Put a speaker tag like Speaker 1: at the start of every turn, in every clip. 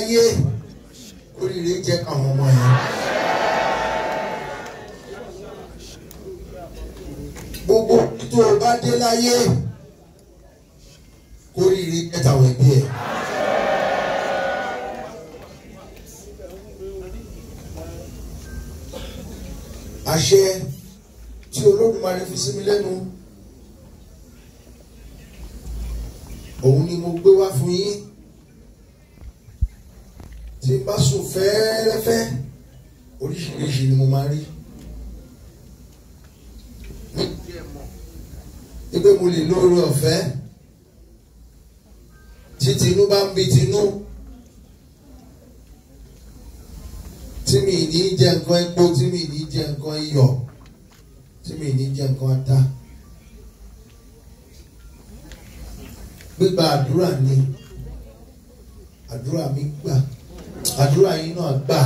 Speaker 1: láyé oríire jẹ́ káwọn ọmọ yẹn. gbogbo tó o bá dé láyé oríire jẹ́ tàwọn ẹbí ẹ̀. àṣẹ tí olódùmarè fi sí mi lẹ́nu òun ni mo gbé wá fún yín tí n bá sùn fẹ́ẹ́rẹ́fẹ́ oríṣiríṣi ni mo máa rí pé mo lè lóore ọ̀fẹ́ tí tinú bá ń bi tinú tí mi ní jẹ nǹkan epo tí mi ní jẹ nǹkan iyọ̀ tí mi ní jẹ nǹkan ata gbígba àdúrà ni àdúrà mi gbà àdúrà yín náà gbà.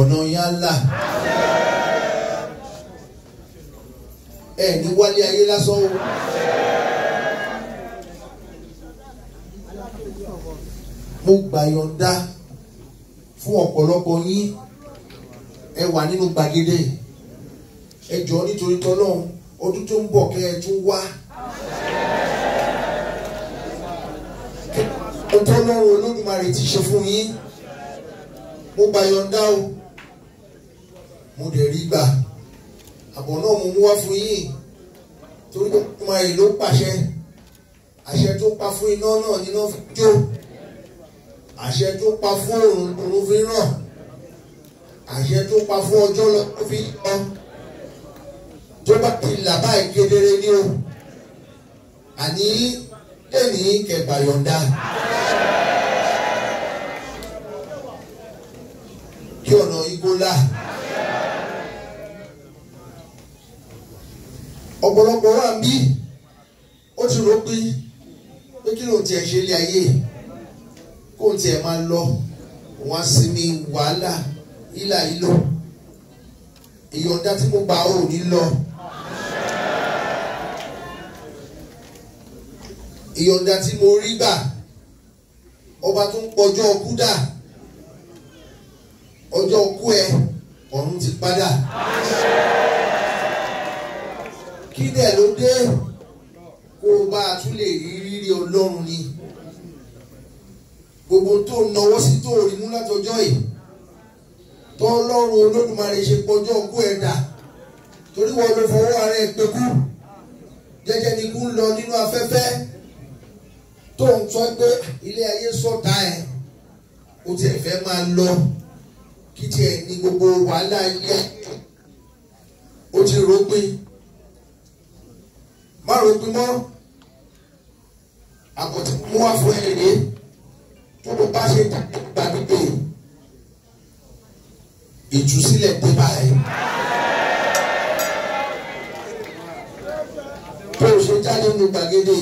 Speaker 1: ọ̀nà yín á là. ẹ ní wálé ayé lásán o. mo gbà yọ̀ǹda fún ọ̀pọ̀lọpọ̀ yín ẹ wà nínú gbàgede ẹ jọ nítorí tọ́lọ́run ọdún tó ń bọ̀ kẹ́ ẹ tún wá. ọtọ́lọ́wọ́ olódùmarè ti ṣe fún yín mo gbà yọ̀ǹda o mo dẹ̀ rí gbà àbọ̀ náà mo mú wá fún yín torí pé ọmọye ló pàṣẹ àṣẹ tó pa fún iná náà níná jó àṣẹ tó pa fún òrùn òrùn fi ràn àṣẹ tó pa fún ọjọ́ lọ fi yọ tó bá ti là báyìí kedere ní o àní lẹ́nìí kẹgbà yọ̀ǹda. ọ̀nà igbólá. ọ̀pọ̀lọpọ̀ wà ń bí ó ti rò pé pé kí ló ń tiẹ̀ ṣe ilé ayé kó ń tiẹ̀ máa lọ wọ́n á sinmi wàhálà ìlà ìlò ìyọ̀ǹda tí mo gbà ò ní lọ. ìyọ̀ǹda tí mo rí gbà ọba tó ń pọjọ́ ọkú ọjọ́ okú ẹ ọ̀run ti padà. kí dẹ̀ ló dé kó o bá a tún lè rí rírí ọlọ́run ni gbogbo tó náwó sí tó rí mú látọjọ́ yìí tọ́ ọlọ́run olódùmarè ṣe pọ́jọ́ okú ẹ dà torí wọn ló fọwọ́ ara ẹ pẹ́kú jẹ́jẹ́ ni kú ń lọ nínú afẹ́fẹ́ tó ń sọ pé ilé ayé sọ̀tá ẹ̀ o tiẹ̀ fẹ́ máa lọ kí tiẹ̀ ní gbogbo wàhálà ilé ó ti rògbìn má rògbìn mọ́ àkọ́tí mú wá fún ẹ̀rẹ́ tó bó bá ṣe gbà gbígbé ìtúsílẹ̀ dé báyìí. bó o ṣe jáde nínú gbàgede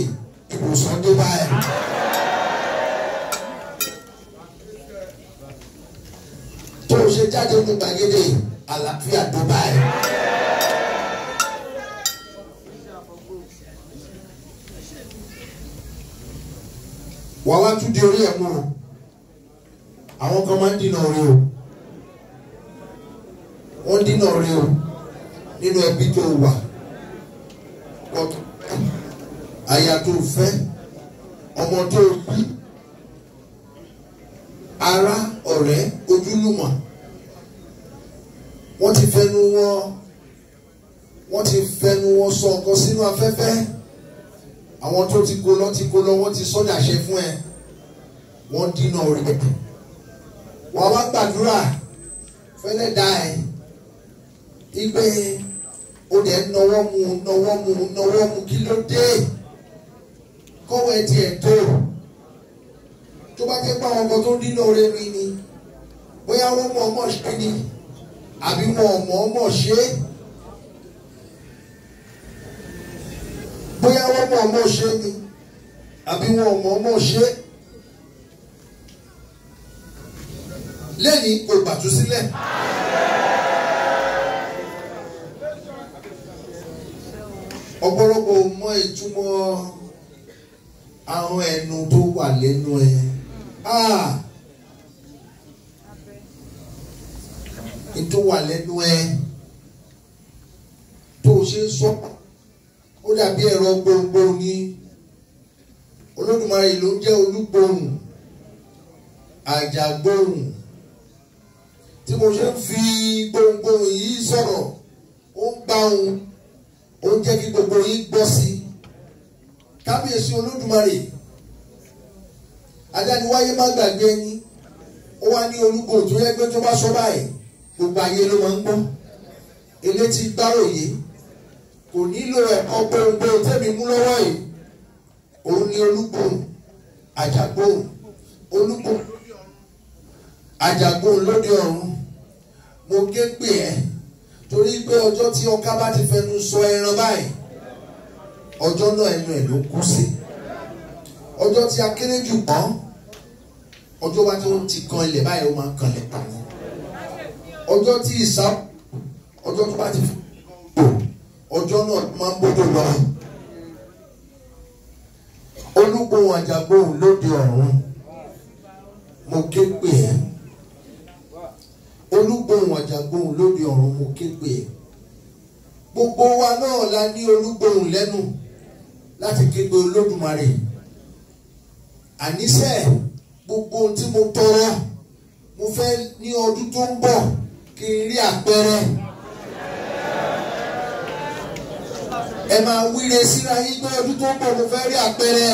Speaker 1: ìbùsùn dé báyìí. ṣe jáde ní gbàgede àlàáfíà tó báyìí. wọ́n wá tún di orí ẹ̀ mú o àwọn kan máa ń dínà orí o wọ́n dínà orí o nínú ẹbí tó wà aya tó fẹ́ ọmọ tó bí ara ọ̀rẹ́ ojúlùmọ̀ wọ́n ti fẹnu wọn wọ́n ti fẹnu wọn sọ nǹkan sínú afẹ́fẹ́ àwọn tó ti kó lọ ti kó lọ wọ́n ti sọ́dà ṣe fún ẹ wọ́n dínà rẹ̀ wọ́n wá gbàdúrà fẹ́lẹ́ dá ẹ igbe ó dẹ̀ nọwọ́ mu nọwọ́ mu nọwọ́ mu kí ló dé kọ́wọ́ ẹ tiẹ̀ tó tó bá jẹ́ pé àwọn ọmọ tó dínà rẹ̀ mi ni bóyá wọ́n mọ̀ ọmọ ṣe ni àbí wọn ò mọ̀ ọmọ ṣe é bóyá wọn mọ̀ ọmọ ṣe é ni àbí wọn ò mọ̀ ọmọ ṣe é lẹ́yìn kò gbàtú sílẹ̀. ọ̀pọ̀lọpọ̀ mọ ìtumọ̀ àwọn ẹnu tó wà lẹ́nu ẹ̀. Ah! ètò wà lẹ́nu ẹ tó o ṣe ń sọ ó dàbí ẹ̀rọ gbohùngbohùn ni Olódùmarè ló ń jẹ́ olúgbohùn àjàgbohùn tí mo ṣe ń fi gbohùngbohùn yìí sọ̀rọ̀ ó ń gbá òun ó ń jẹ́ kí gbogbo yín gbọ́ sí i kábíyèsí Olódùmarè ajániwáyé má gbàgbé ẹni ó wá ní olúgbò tó yẹ pé tó bá sọ báyìí gbogbo ayé ló máa ń gbọ́ elétí gbáròyé kò nílò ẹ̀kọ́ gbóngbóng tẹ́mi mú lọ́wọ́ yìí òun ni olúgbòhùn àjàgbòhùn olúgbòhùn àjàgbòhùn lóde ọ̀run mo gé pè ẹ́ torí pé ọjọ́ tí ọká bá ti fẹnu sọ ẹran báyìí ọjọ́ náà ẹnu ẹ̀ ló kú sí ọjọ́ tí akérèjù kan ọjọ́ wa tó ti kan ilẹ̀ báyìí ó máa kan ilẹ̀ pàmò ọjọ́ tí ìsá ọjọ́ tó bá ti bò ọjọ́ náà máa ń bójú lọ olúgbòhùn àjàgbòhùn lóde ọ̀run mo ké pè ẹ́ olúgbòhùn àjàgbòhùn lóde ọ̀run mo ké pè ẹ́ gbogbo wa náà la ní olúgbòhùn lẹ́nu láti ké pe olódùmarè àníṣe gbogbo ohun tí mo tọrọ mo fẹ́ ní ọdún tó ń bọ̀ kí n rí àpẹẹrẹ. ẹ máa wíre síra yín pé ọdún tó ń bọ̀ mo fẹ́ rí àpẹẹrẹ.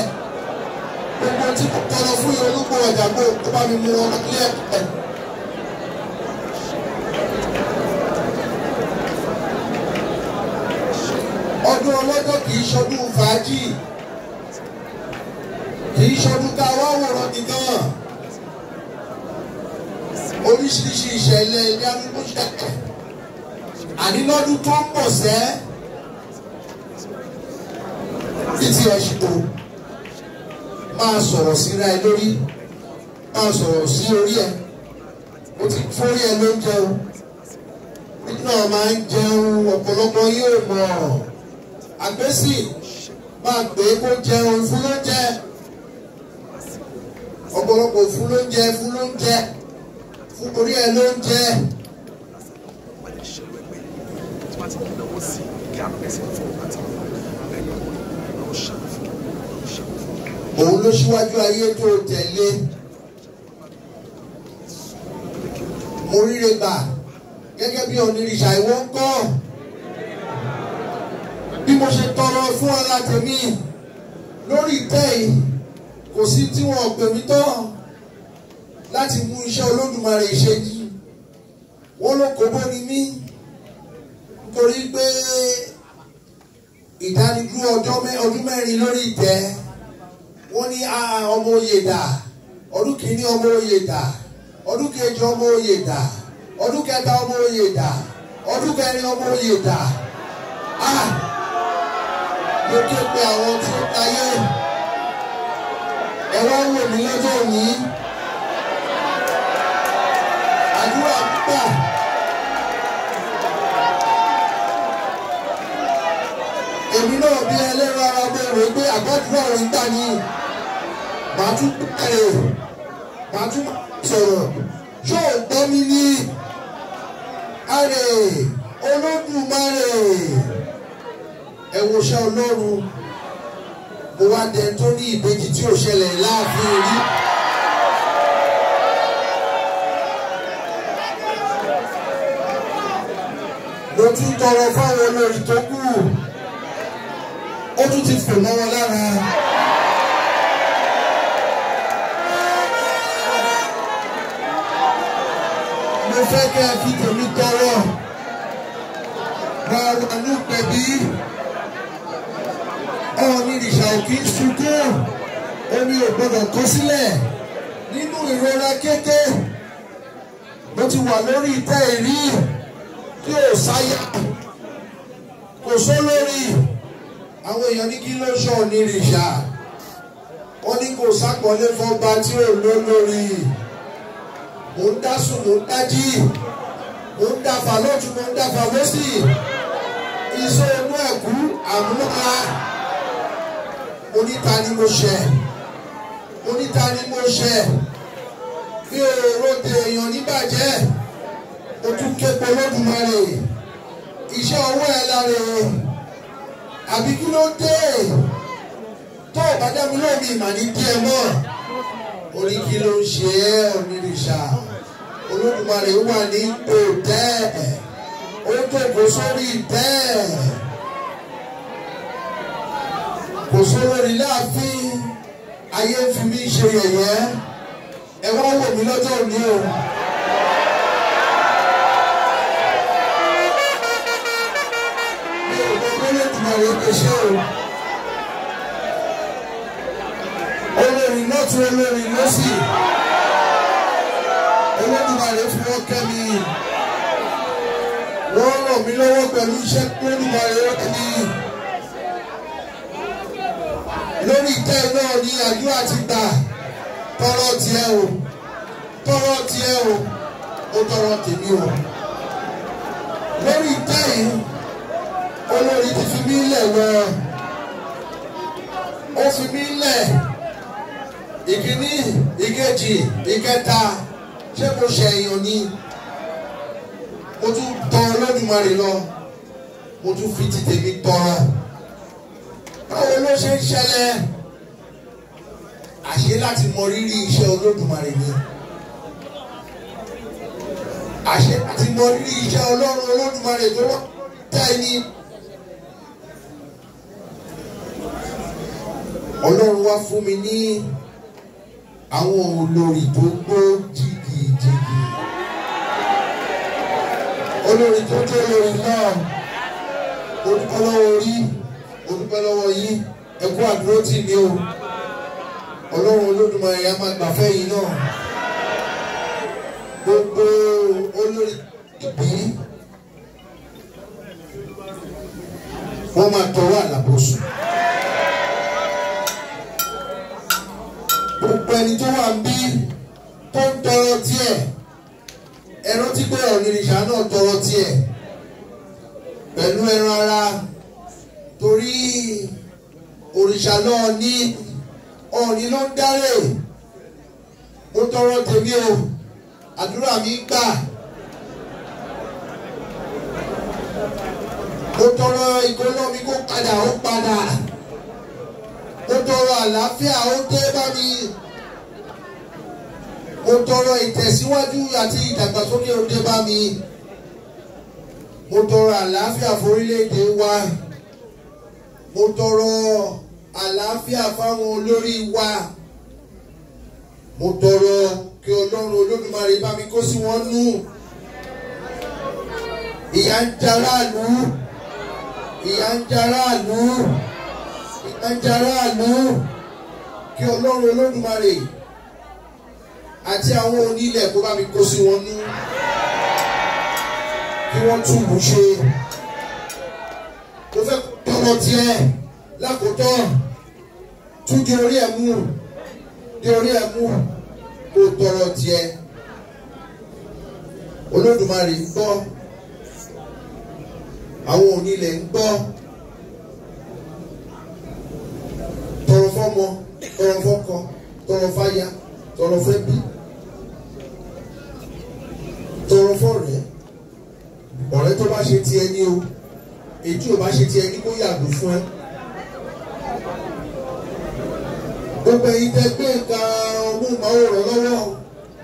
Speaker 1: gbogbo tí mo tọrọ fún yín olúkọ ọjà pé kó bá mi mú wọn lé ẹ̀. ọdún ọlọ́jọ́ kì í ṣọdún fàájì kì ṣọdún tá a wá wòran nìkan oríṣiríṣi ìṣẹ̀lẹ̀ ilé arúgbó ṣẹ̀kẹ̀ àní lọ́dún tó ń bọ̀ sẹ́ títí ọ̀ṣìkò máa sọ̀rọ̀ síra ẹ lórí máa sọ̀rọ̀ sí orí ẹ o ti fórí ẹ ló ń jẹun náà máa ń jẹun ọ̀pọ̀lọpọ̀ yóò mọ̀ àgbésì máa pè kó jẹun fún lóúnjẹ ọ̀pọ̀lọpọ̀ fún lóúnjẹ fún lóúnjẹ orí ẹ ló ń jẹ. òun ló ṣíwájú ayé tó tẹ̀lé mo ríre gbà gẹ́gẹ́ bí onírìṣà ìwọ ń kọ́ bí mo ṣe tọrọ fún ọlá tèmi lórí ìtẹ́ yìí kò sí tí wọn pè mí tán láti mú iṣẹ́ Olódùmarè ṣe wọ́n ló kóbó ni mí nítorí pé ìdánidúró ọdún mẹ́rin lórí ìtẹ́ wọ́n ní ọmọ oyè dà ọdún kìíní ọmọ oyè dà ọdún kejì ọmọ oyè dà ọdún kẹta ọmọ oyè dà ọdún kẹrin ọmọ oyè dà mo ké pe àwọn tí ó tayé ẹ wá wò mí lọ́jọ́ òní. èmi náà bí ẹlẹ́rọ ara bẹ rò pé àgbàdúrà ọ̀rọ̀ ń tà ní màá tún ẹ̀ màá tún sọ̀rọ̀ yóò gbọ́ mi ní àrè olódùmarè ẹ̀wòṣẹ́ ọlọ́run mo wá dẹ tó ní ìbejì tí ò ṣẹlẹ̀ láàfin rí. mo tún tọrọ fáwọn olórí tó kù tún ti fò mọ́ wọn lára. mo fẹ́ kẹ́ ẹ fi tèmi tọrọ wà wà ní pẹ̀bí ọ̀ọ́nì ìṣà òkè sunkún omi ò gbọ́dọ̀ kó sílẹ̀ nínú ìrora kété mo ti wà lórí ìtẹ́ ìrí tí ò sáyà kò sólórí àwọn èèyàn ní kí ló ṣọ́ onírìṣà wọ́n ní kò sápọ̀lé fọ́ba tí ò lólórí mò ń dá sùn mò ń dájí mò ń dáfà lọ́tún mò ń dáfà lọ́sì iṣẹ́ inú ẹ̀kú àmúra oníta ni mo ṣẹ̀ oníta ni mo ṣẹ̀ bí òòrò tẹ èèyàn níbàjẹ́ o tún ké polódùmarè iṣẹ́ ọwọ́ ẹ̀ lára èèyàn àbí kí ló dé tó o bá dá mi lómi ìmà ní díẹ̀ mọ́ orí kí ló ń ṣe é onírìṣà olódùmarè wà ní ipò bẹ́ẹ̀ ó jókòó sórí bẹ́ẹ̀ kò sólórí láàfin ayé fi mí ṣe yẹ̀yẹ́ ẹ wá wò mí lọ́jọ́ òní o. mi ẹ ṣé o. olórin náà tún olórin lọ́sì. olódùmarè fi wọ́n kẹ́ mi. wọ́n ràn mí lọ́wọ́ pẹ̀lú iṣẹ́ olódùmarè wọ́n kẹ́ mi. lórí ìtẹ́ náà ni àdúrà ti gbà tọrọ tiẹ̀ o tọrọ tiẹ̀ o ó tọrọ tèmi o lórí ìtẹ́ yìí olórí ti fi mí lẹ̀ wọ ó fi mí lẹ̀ ìkíní ìkejì ìkẹta ṣé mo ṣe èèyàn ni mo tún tọ Olódùmarè lọ mo tún fi ti tèmi tọrọ báwo ló ṣe ń ṣẹlẹ̀ àṣé láti mọ rírì iṣẹ́ Olódùmarè ni àṣé láti mọ rírì iṣẹ́ Ọlọ́run Olódùmarè tó wọ́n tẹ́ ni. ọlọ́run wá fún mi ní àwọn olórí tó gbó jìgìjìgì olórí tó jẹ́ olórí náà olùkọ́ lọ́wọ́ rí olùkọ́ lọ́wọ́ yín ẹ kú àdúró tì mí o ọlọ́run olódùmarè á máa gbàfẹ́ yìí náà gbogbo olórí ìbí wọ́n máa tọwọ́ àlàbòsùn. ẹni tó wà ń bí tó ń tọrọ tiẹ̀ ẹ rántí pé ọ̀nìrìṣà náà tọrọ tiẹ̀ pẹ̀lú ẹran ara torí òrìṣà náà ní ọ̀nì ló ń dárè ó tọrọ tèmi o àdúrà mi gbà ó tọrọ ìgbóná mi kó padà ó padà ó tọrọ àlàáfíà ó dé bá mi mo tọrọ ìtẹ̀síwájú àti ìdàgbàsókè òde bá mi mo tọrọ àlàáfíà forílẹ̀-èdè wa mo tọrọ àlàáfíà fáwọn olórí wa mo tọrọ kí ọlọ́run olódùmarè bá mi kó sí wọn nú ìyà ń jaráàlú ìyà ń jaráàlú ìyà ń jaráàlú kí ọlọ́run olódùmarè àti àwọn onílẹ̀ kó bá mi kó sí wọn ní kí wọ́n túbú ṣe mo fẹ́ tọrọ tiẹ̀ lákòótọ́ tún di orí ẹ̀ mú di orí ẹ̀ mú kó tọrọ tiẹ̀ olódùmarè ń gbọ́ àwọn onílẹ̀ ń gbọ́ tọrọ fọ́mọ tọrọ fọ́kọ tọrọ fáya tọrọ fẹ́bí tọrọ fọ̀rẹ́ ọ̀rẹ́ tó bá ṣe ti ẹni o èyí tí ò bá ṣe ti ẹni kó yàgò fún ẹ. gbogbo ẹ̀yin tẹ́ gbé nǹkan ọmọọ̀rọ̀ lọ́wọ́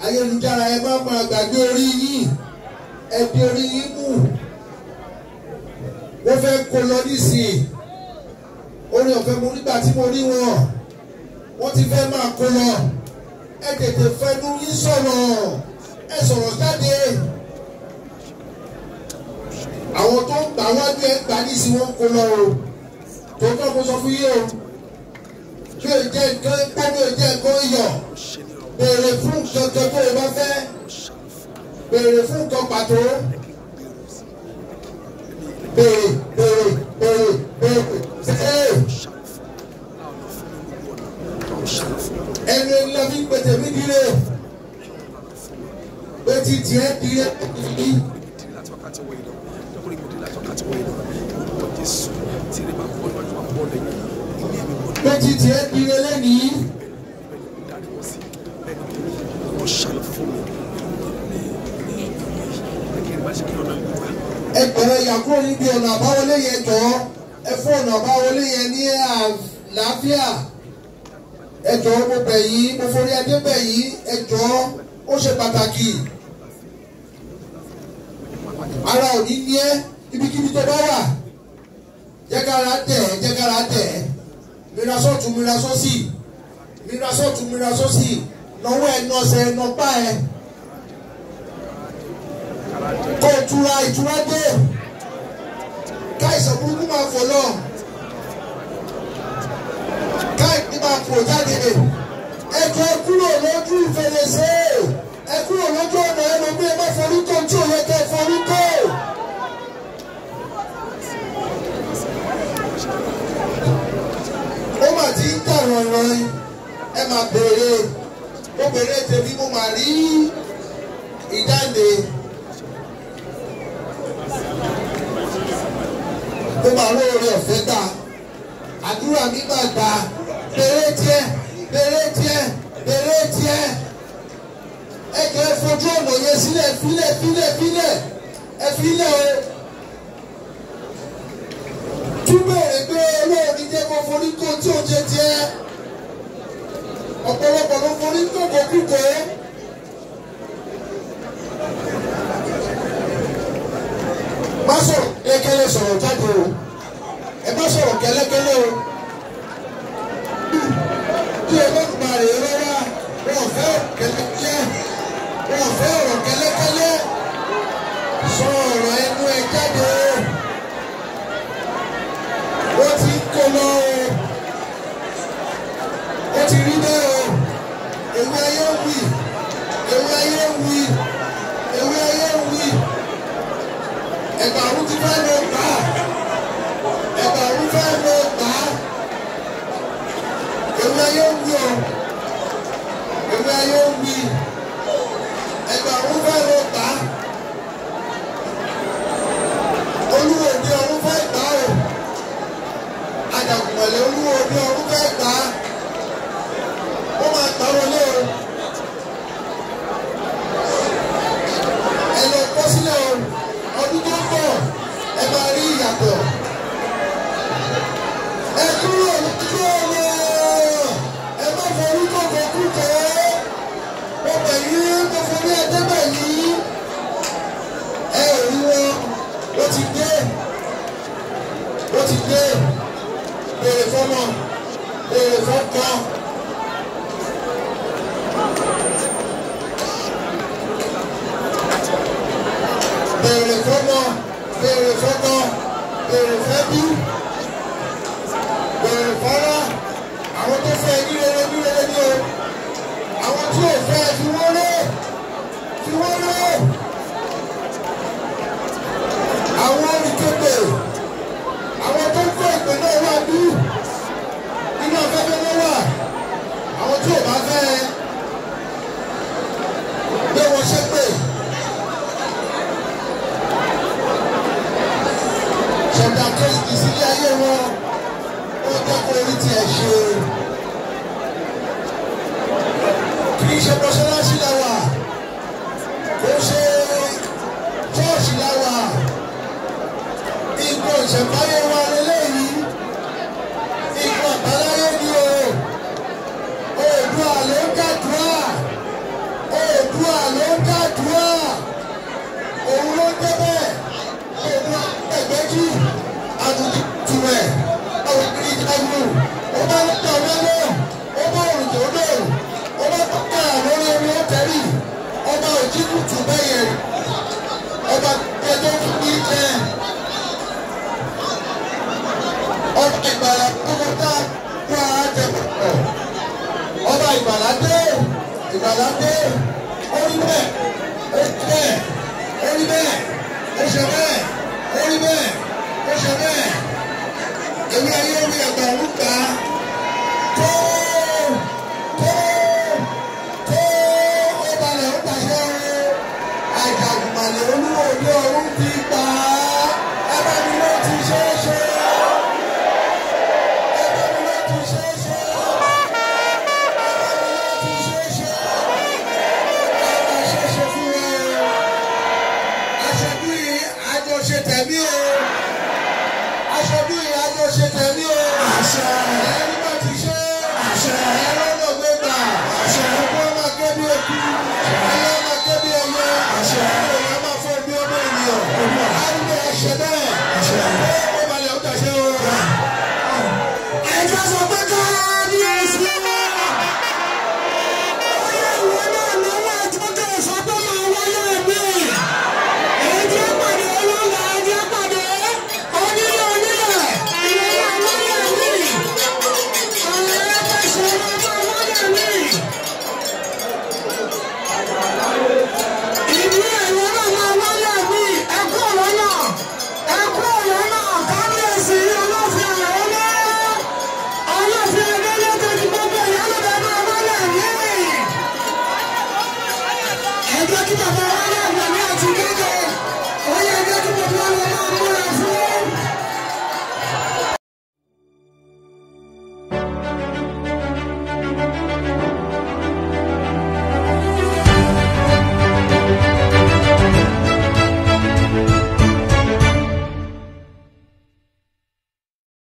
Speaker 1: ayélujára ẹ má máa gbàgbé orí yín ẹ di orí yín mú wọ́n fẹ́ kó lọ nísìnyí orin ọ̀fẹ́ mo nígbà tí mo rí wọn wọ́n ti fẹ́ máa kó lọ ẹ tètè fẹnu yín sọ̀rọ̀ ẹ sọ̀rọ̀ jáde àwọn tó ń gbà wájú ẹ gbà ní ìsìn wọn kó lọ o tó tọ́ kó sọ fún yín o bí o jẹ́ nǹkan gbọ́dọ̀ o jẹ́ nǹkan yọ̀ béèrè fún nǹkan kan tó o bá fẹ́ béèrè fún nǹkan pàtó béèrè béèrè béèrè béèrè. dire bẹ́ẹ̀ ti tiẹ̀ dire kìkìkì. yìí ẹ jọ̀ọ́ ó ṣe pàtàkì ara ò ní ní ẹ ibikíbi tó bá wà jẹ́kára tẹ̀ jẹ́kára tẹ̀ mìíràn sọ́ọ̀tún mìíràn sọ́ọ̀sì mìíràn sọ́ọ̀tún mìíràn sọ́ọ̀sì nọwọ́ ẹ nọsẹ̀ nọpá ẹ kó ìtura ìtura dé káìsàn burúkú máa fò lọ káìsàn máa fò jáde dè ẹjọ́ kúrò lójú fèrèsé ẹ kúrò lójú ọ̀nà ẹlòmí ẹ má forí kó tí òye kẹ forí kó. ó mà ti ń tà rànràn ẹ máa béèrè ó béèrè tèmi mo mà rí ìdáǹdè. ó máa lóore ọ̀fẹ́ gbà àdúrà mi máa gbà béèrè tiẹ̀ bèrè tiẹ̀ bèrè tiẹ̀ ẹ jẹ́ fojú ọ̀nà yẹn sílẹ̀ fílẹ̀ fílẹ̀ fílẹ̀ ẹ fílẹ̀ o túbẹ̀rẹ̀ pé olóòní jẹ́ kó forí tó tí ò jẹ tiẹ̀ ọ̀pọ̀lọpọ̀ ló forí tó kó kú kó. má sọ̀rọ̀ kékeré sọ̀rọ̀ jáde o ẹ má sọ̀rọ̀ kẹ́lẹ́kẹ́lẹ́ o. ¿Qué que el que Valeu, eu Krishna Prasadashi ìgbàlà pátápátá wá àjẹpọ̀ ọba ìgbàlà dé ìgbàlà dé orí bẹ́ẹ̀ orí bẹ́ẹ̀ orí bẹ́ẹ̀ ó ṣe bẹ́ẹ̀ orí bẹ́ẹ̀ ó ṣe bẹ́ẹ̀ èmi ayé orí ẹ̀kọ́. jọ ṣe tẹ̀mí o. Aṣojú ìyá jọ ṣe tẹ̀mí o. Àṣà.